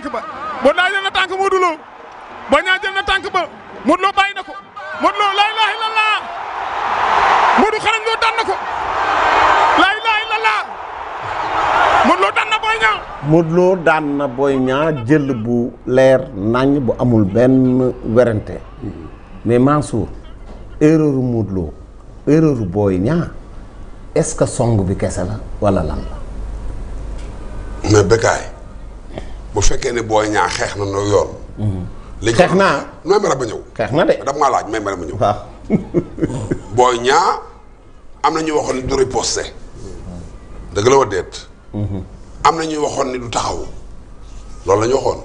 tànk ba laa ilaaha illallah daan na ko laa jël bu leer nañ bu amul benn werante mais Mansour erreur Modou Lo erreur Boy Niang est-ce que song bi kese la wala lan la. fekkee ne booy Niang xeex na noo yoon. Mm-hmm. léegi xeex naa nooy ma rab a ñëw. xeex na de daf maa laaj may ma rab a ñëw. waaw. am na ñuy waxoon ni du riposté. Mm-hmm. dëgg la wa déet. Mm-hmm. am na ñuy waxoon ni du taxaw loolu la waxoon.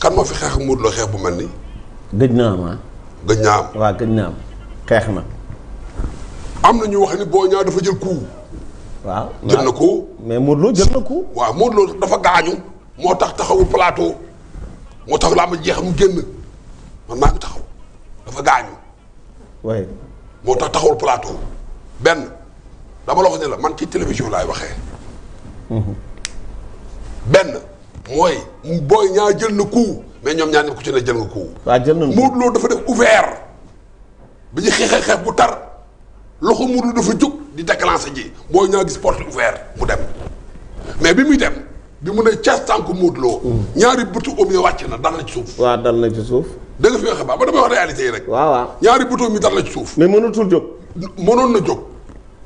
kan moo fi xeex ak Modou xeex bu mel ni gëj naa am ah. gëj naa am xeex na. am na ñu wax ni Boy Niang dafa jël coup. waaw jël na coup. mais Modou Lo jël na coup. waaw Modou dafa gaañu. moo tax taxawul palaato moo tax ma jeex mu génn man maa ngi taxaw dafa gaañu. waaye. moo tax taxawul plateau benn dama loxo wax la man ci télévision laay waxee. Mhm. benn mooy booy ñaa jël na coup mais ñoom ñaar ñëpp ci ne jël nga coup. waaw jël nañu Modou Lo dafa def ouvert bi ñu xeexee xeex bu tar loxo Modou dafa jóg di déclencher ji booy ñaa gis porte ouvert mu dem mais bi muy dem. bi mu ne cas tànku mootloo mm. ñaari bëtu oom yi wàcc na dal na ci suuf. waaw dal na ci suuf. da nga fi ba damay wax réalité yi rek. waaw waaw ñaari bëtu oom yi dal na ci suuf. mais mënatul jóg. mënoon na jóg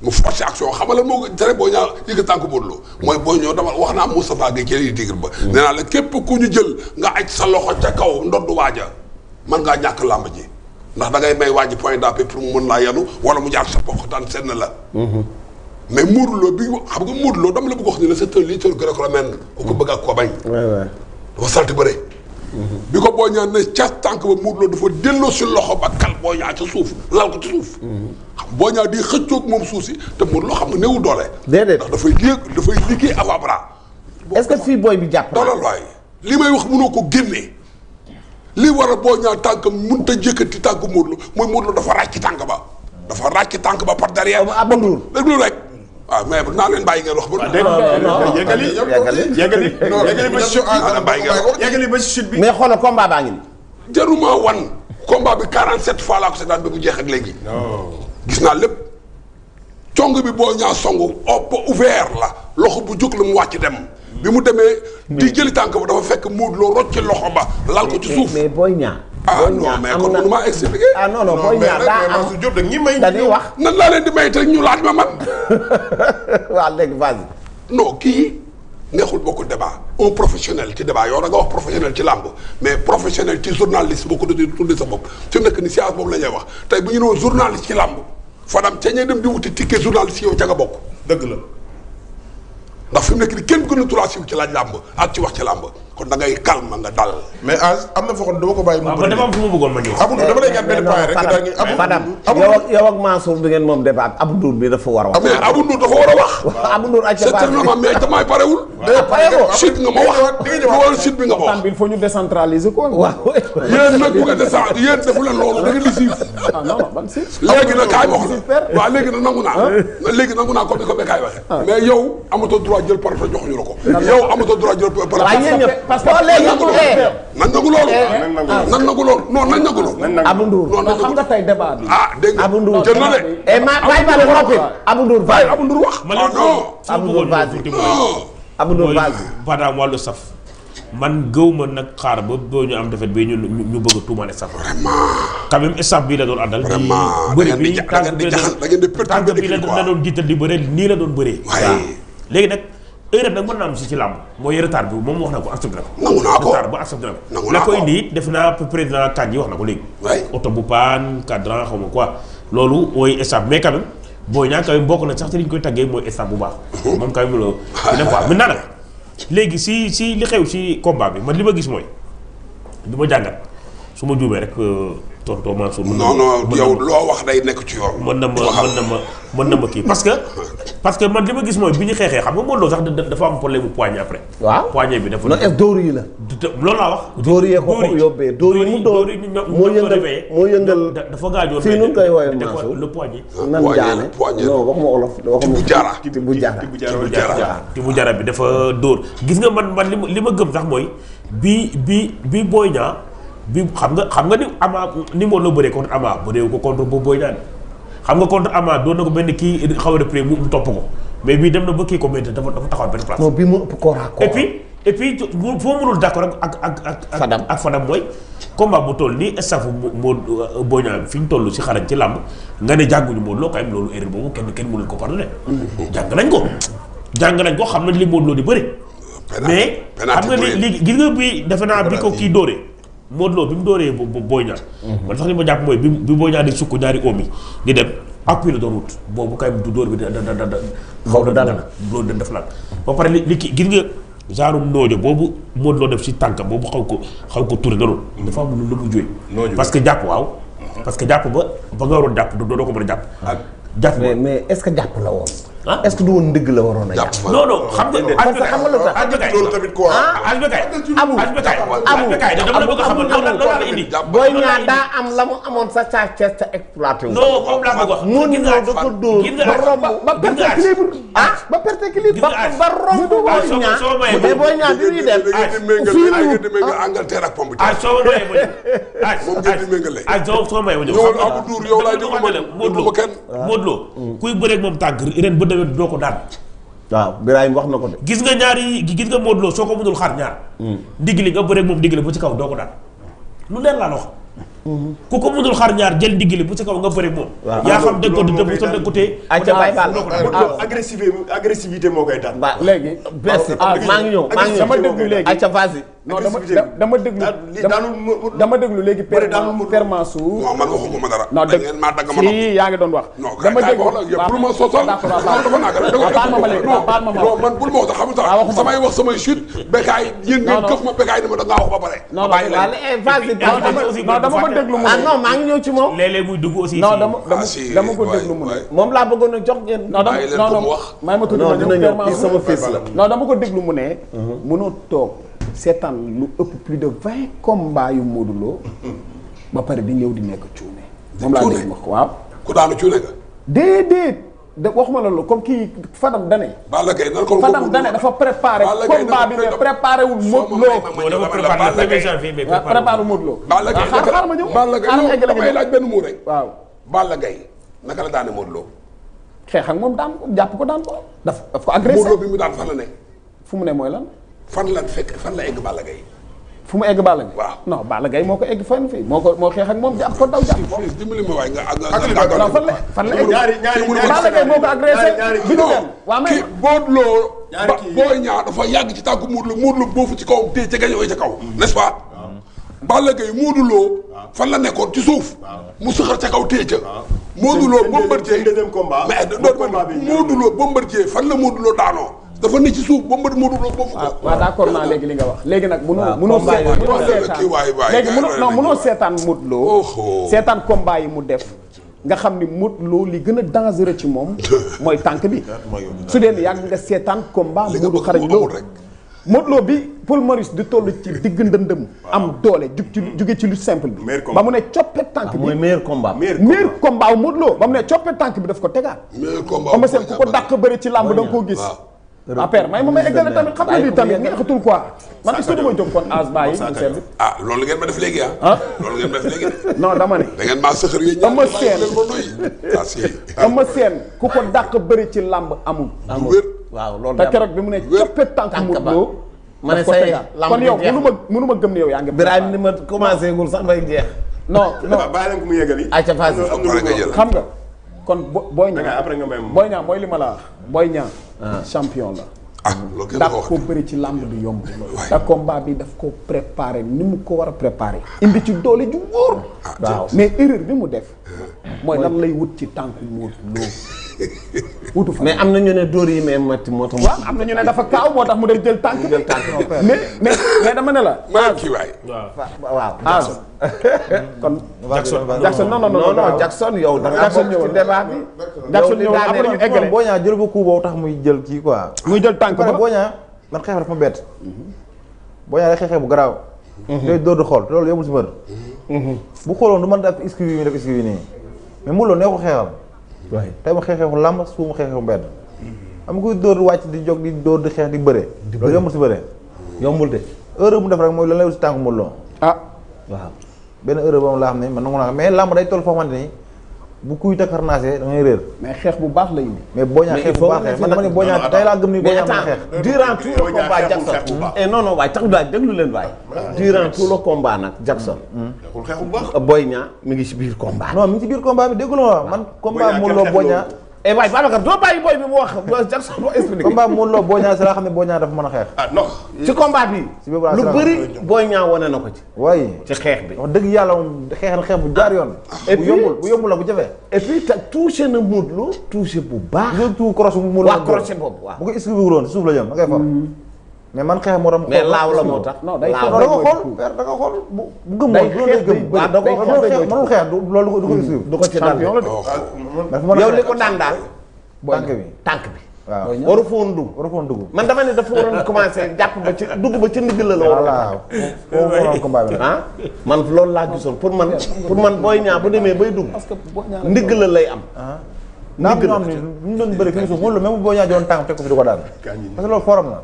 mu forcé action xam nga lan moo ko tere boo ñaar yëg tànku Modou Lo mooy boo ñëw dama wax naa Moustapha Gueye ci lii Tigre ba. Mm. nee naa la képp ku ñu jël nga aj sa loxo ca kaw ndoddu waaja mën ngaa ñàkk làmb ji ndax dangay ngay may waaj point d'appui pour mu mën laa yanu wala mu jaar sa bokk daan senn la mm-hmm. mais Modou Lo bi xam nga Modou Lo dama la bëgg wax ni la c'est un lutteur gréco-romain ku ko bëgg ak ko bañ. dafa salté bëre. Mhm. bi ko boo ñaan ne cas tànk ba Modou Lo dafa delloo si loxo ba kal boo ñaa ca suuf lal ko ci suuf. Mhm. xam boo ñaa di xëccoog moom suuf si te Modou Lo xam nga néew doole. déedéet ndax dafay yéeg dafay liggéey avant bras. est-ce que fii booy bi jàpp naa doolal waay li may wax mënoo ko génnee. li war a boo ñaa tànkam mënut a jëkkati tànk Modou Lo mooy Modou Lo dafa ràcc tànk ba. dafa ràcc tànk ba par derrière. amul ah, rek. waaw ah, mais naa leen bàyyi ngeen wax ba. waaw yëgali yëgali yëgali ba si ah, ah, yëgali ba si chute bi. mais xoolal combat baa ngi nii. jaruma wan. combat bi 47 fois laa ko seetaan ba mu jeex ak léegi. gis naa lépp. cong bi boo ñaa songu opp ouvert la loxo bu jóg la mu wàcc dem. bi mu demee di jëli tànk ba dafa fekk muud loo rocc loxo ba. lal ko ci suuf mais booy ñaa ah non mais kon mënu maa expliqué. ah non non booy daa am mais dañuy wax. nan laa leen di may te ñu laaj ma man. waaw léegi vas-y. non kii neexul beaucoup débat un professionnel ci débat yow da nga wax professionnel ci làmb mais professionnel ci journaliste boo ko doon tuddee sa bopp fi nekk ni science boobu la ñuy wax tey bu ñu nee journaliste ci làmb Fadam ca ñuy dem di wuti ticket journaliste yow ca nga bokk. dëgg la. ndax fi mu nekk ni kenn gën a turaasim ci laaj làmb a ci wax ci làmb. kon da ngay calme nga dal. mais ah, am na foo xam ne dama ko bàyyi. waaw man dama am fu ma bëggoon ma ñëw. Abdou dama lay ñaan benn point rek. yow ak yow ak Mansour bi ngeen moom débat Abdou Ndour bi dafa war a wax. Abdou Ndour dafa war a wax. waaw Abdou Ndour àcc na mais damay parewul. waaw parewul chute nga ma wax. chute bi nga ma wax. il faut ñu décentraliser ko. waaw yéen nag bu nga décent yéen defu leen loolu da nga di siif. ah non ban si. léegi nag kaay wax la waaw léegi nag nangu naa. Ah. léegi nangu naa comme ni ko Bekaay waxee. Ah. mais yow amatoo droit jël parole jox ñu la ko. yow amatoo droit jël parole parce que eh, eh. Eh. nan nangu loolu. nan nangu loolu non nan nangu loolu. Abou Ndour non xam nga tey débat bi. ah dégg nga jël de. ma bàyyi ma leen noppi Abou Ndour Vazi. Abou Ndour wax ah saf. man gëw ma nag xaar ba boo ñu am defet bi ñu ñu bëgg a saf. vraiment. quand bii la doon àndal. di ja da tànk bi la doon jiital di bëre nii la doon bëree. léegi nag erreur nag mën na am si ci làmb mooy retard bi moom wax na ko accepté na ko. nangu naa ko retard na ko. nangu naa ko la def naa président Kandji wax na ko léegi. waay oto bu paan cadran xaw ma loolu mooy staff mais quand même booy ñaar bokk na sax te li ñu koy tàggee mooy staff bu baax. Uh-huh. moom quand même loolu. dina ko maintenant nag léegi si si li xew si combat bi man li ma gis mooy li ma jàngat su ma juumee rek euh, tonton Mansour. mën na non yow loo wax nekk ci yoon. mën na ma mën na ma. mën na ma kii parce que parce que man li ma gis mooy bi ñu xeexee xam nga Modou Lo sax dafa am problème mu après. waaw bi dafa. dóor laa wax. dóor yi ko moo yëngal moo bi dafa dóor gis nga man man li ma li ma gëm sax mooy bi bi bi Boy Niang bi xam nga xam nga ni Ama ni Modou Lo bëree contre Ama bëreewu ko contre bu Boy Niang xam nga contre Ama doon na ko benn kii xaw a repris mu topp ko mais bii dem na ba kii ko mais dafa dafa taxaw benn place. et puis et puis foo mënul d'accord ak ak ak ak. Fadam ak Fadam mooy. combat bu toll nii staff moo boo ñaa fi ñu toll si xarañ ci làmb nga ne jànguñu Modou Lo kayam loolu erreur boobu kenn kenn mënuñ ko jàng nañ ko. jàng nañ ko xam nañ li Modou Lo di bëri. mais xam nga ni léegi gis nga bi defe bi ko kii dóoree. Modou Lo bi mu dooree bo Boy Niang mhm. man sax li ma jàpp mooy bi bi Boy Niang di sukk ñaari oom yi di dem appui la doon wut boobu kay du door bi da da da da xaw na def laat ba pare li li ki nga genre noojo boobu Modou def si tànk boobu xaw ko xaw ko tourné loolu dafa am lu mu jóoy parce que jàpp waaw mhm. parce que jàpp ba ba nga waroon jàpp doo ko mën a jàpp jàpp mais mais est-ce que jàpp la woon ah est-ce que du woon ndëgg la a yàq. nga a am la mu amoon sa sa sa exploité wu. non moom laa ah? Ah? ba romb ba perte ba perte ba ba romb booy booy ñaar bi ñuy def. fii soo may moom ngeen di méngale. ah soo may ma ñëw. yow Abdou Ndour yow laa déglu ma kenn. kuy bëreeg moom tàgg ren déwén doo ko daan. waaw Birahim wax na ko de. gis nga ñaar yi gis nga Modou Lo soo ko mënul xaar ñaar. Hmm. digli nga bëre moom digli bu ci kaw doo ko daan lu leer la wax. Hmm. ku ko mënul xaar ñaar jël digli bu ci kaw nga bëre moom. yaa xam ah, dëgg ko dëgg bu soog dëgg ko tee. non dama dama déglu ah, dama déglu léegi Père Mansour non man waxuma ma dara non dégg maa dagg ma yaa ngi doon wax dama déglu pour ma soosal dafa nag baal ma ma léegi baal ma ma non man bul ma wax sax xamul sax ah, ma békaay dama ba pare non non eh, dama ko déglu mu ah, non maa ngi ñëw ci moom léeg-léeg ko déglu mu ne moom laa bëggoon a jox ngeen non non non may ma tudd ma Père Mansour non dama ko déglu mu ne mënoo mhm. toog seetaan lu ëpp plus de vingt combats yu Modou Lo ba pare bi ñëw di nekk cuune. moom laa dégg ma waaw. ku daanu cuune nga. déedéet de waxuma la loolu comme kii Fadam Dane. Balla Gaye nan ko Fadam Dane dafa préparé. combat bi mais préparé wul Modou Lo. dafa préparé Modou Lo. Balla Gaye ah, xaar ma ñëw Balla Gaye rek. waaw Balla Gaye naka la daane Modou Lo. xeex ak moom daan jàpp ko daan ko. daf daf ko agressé Modou Lo bi mu daan fan ne. fu mu ne mooy lan. fan la fekk fan la egg Balla Gaye fu mu egg Balla Gaye waaw non Balla Gaye moo ko egg fan fii moo ko moo xeex moom jàpp ko daw jàpp ko dimbali ma waay nga nga fan la la egg ñaari moo ko loo ci kaw téye ca gañooy ca kaw n'est-ce pas Balla fan la nekkoon ci suuf mu suxar ca kaw téye ca Modou Lo Bombardier mais Modou Lo Bombardier fan la Modou Lo daanoo dafa ne ci suuf ba mbër Modou Lo boobu. waaw ah, waaw d'accord naa léegi li nga wax léegi nag. Ah, waaw combat yi munoo seetaan munoo seetaan Modou Lo seetaan yi mu def. nga xam ni Modou Lo li gën a dangereux ci moom mooy tànk bi su dee ni yàgg nga seetaan combat Modou xarañ Lo Modou Lo bi Paul Maurice di toll ci digg ndëndëm am doole jug ci juge ci lu simple bi ba mu ne coppet tànk ah, bi meilleur combat meilleur combat Modou Lo ba mu ne coppet tànk bi daf ko tegaat meilleur combat ba ku ko dàq bëri ci làmb danga koo gis APR may ma may eggale tamit xam nga ni tamit neexatul quoi. man est-ce que du ma jóg kon Asba yi mu seetlu. ah ma def ah. Ah. dama ne. da ngeen maa sëxër yéen ñaar damaa yéen leen ko ku ko dàq bëri ci làmb amul. amul waaw loolu da te bi mu ne coppe tànk mu loo. ma ne say làmb kon yow mënu ma mënu ma gëm ne yow yaa ngi. Birame ni ma commencé ngul sax may jeex. non non bàyyi leen ko mu yeggali. ayca Fass xam nga. kon bo Boy Niang après nga may Boy Niang mooy li ma la wax Boy Niang ah. champion la. ah loolu ndax koo bëri ci làmb du yomb. te combat bi daf ko préparé ni mu ko war a préparé. indi ci doole ju wóor. Ah, waaw mais erreur bi mu def. Euh, mooy lan lay wut ci tànk Modou Lo wutu fa mais am na ñu ne dóor yi mais matti moo tax. am na ñu ne dafa moo tax mu dem jël tànk bi jël tànk mais mais mais dama ne la. maa kii waay waaw waaw. Jackson ah. kon. Jackson Jackson non non non non Jackson yow. da ngaa bokk ci débat bi. Jackson ñëw après ñu eggale boo ñaa jël ko coup tax muy jël kii quoi. muy jël tànk ba boo ñaa man xeex dafa ma bett. boo ñaa rek bu garaaw. Mhm. day dóor di xool loolu yomul si mbër. Mhm. bu xooloon du mën def esquive yi def esquive mais mu loolu nee ko xeexal tey ma xeexeexu làmb su ma xeexeexu mbedd am kuy dóor wàcc di jóg di dóor di xeex di bëree loolu yombul si bëree yombul de heure mu def rek mooy la lay wut si tànk mu loo ah waaw benn heure boobu laa xam ne man nangu naa mais làmb day toll foo xamante ni bu kuy Dakar naasee da réer. mais xeex bu baax la mais Boña xeex bu baax man dama Boña tey laa gëm ni Boña ma xeex. durant tout le combat Jackson. et eh, non non waaye tax daal déglu leen ah, durant tout le combat nag Jackson. Hmm. Boña mi ngi si biir combat. non mi ngi si biir combat bi déggu la man. combat Modou Lo Boña eh waay Babacar doo bàyyi booy bi mu wax Jackson moo expliqué. combat si laa xam ne Boy dafa mën a xeex. ah non ci combat bi. lu bëri Boy wane na ko ci. waaye ci xeex bi. dëgg yàlla moom xeex na xeex bu jaar yoon. Ah. bu yombul bu yombul la bu jafe. et puis te touché na Modou Lo. touché bu baax. surtout croche bu Modou Lo. waaw croche boobu waaw bu ko expliqué woon si suuf la jëm da ngay far. mais man xeex morom. mais laaw la moo tax. non day da nga bi tànk bi. waaw waru foon dugg waru foon man dama ne dafa waroon commencé jàpp ba ci dugg ba ci ndigg la la war a. laa gisoon pour man pour man booy ñaa bu demee bay dugg. ndigg la lay am. Ah. ndigg la naa am fi mu suuf moom la même boo ñaa doon tànk teg ko fi du ko daan. parce loolu forum na.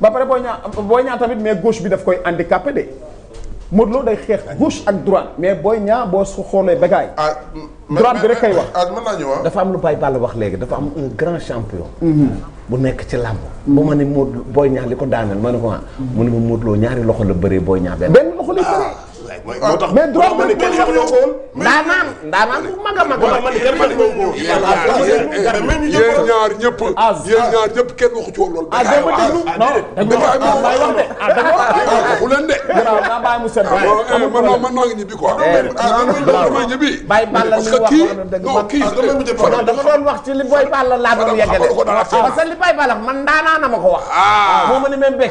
ba pare booy ñaa booy ñaar tamit mais gauche bi daf koy handicapé de Modou Lo day xeex gauche ak droite mais booy ñaar boo xoolee bagaay. Ah, droite bi rek kay wax ah mën naa ñëw ah. dafa am lu Baye Balla wax léegi dafa am un grand champion. Mhm. bu nekk ci làmb. Mhm. ba ma ne Modou booy ñaa li ko daaneel ma ne ko ah. mu ne ma ñaari loxo la bëree booy ñaa benn. benn loxo lay bëree. moo tax mais drogue bi kenn xamloo ko woon. ndaanaan ndaanaan bu mag a mag a mag. yéen ñaar ah, ah, ah, ñëpp. yéen ñaar ñëpp kenn waxu ci woon loolu. ah dama déglu non wax de ah dama waxu leen de. naa bàyyi mu set. man man maa ngi ñibbi quoi. Eh, ah man ñibbi. bàyyi Balla parce que kii non kii dama doon wax ci li Boy Balla laa doon yeggale. parce que li Boy Balla man ndaanaan na ma ko wax. moo ma ni même bëgg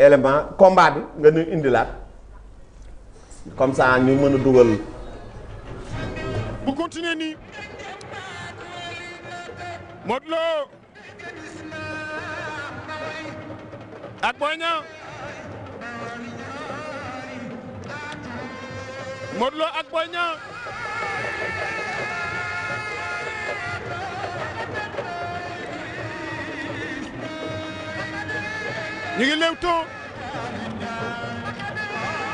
élément combat bi nga ñu indilaat comme ça ñu mën a dugal. bu continuer nii Modou Lo ak Boy ñu ngi léewtoo